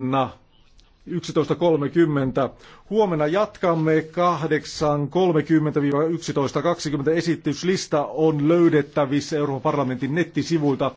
huomenna 11.30. Huomenna jatkamme 8.30-11.20. Esityslista on löydettävissä Euroopan parlamentin nettisivuilta.